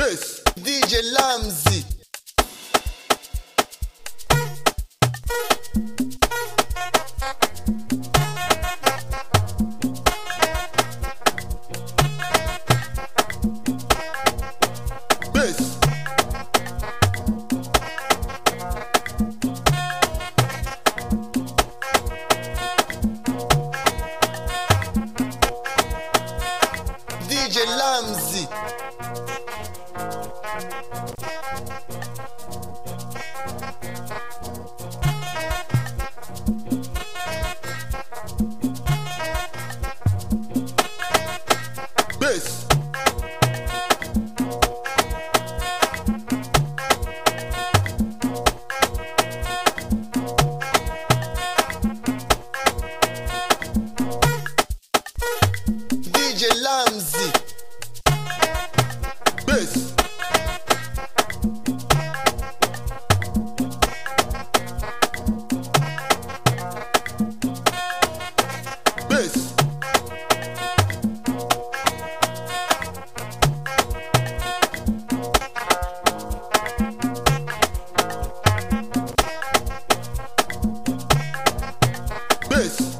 Pes DJ Lamzi Pes DJ Lamzi Thank you. this.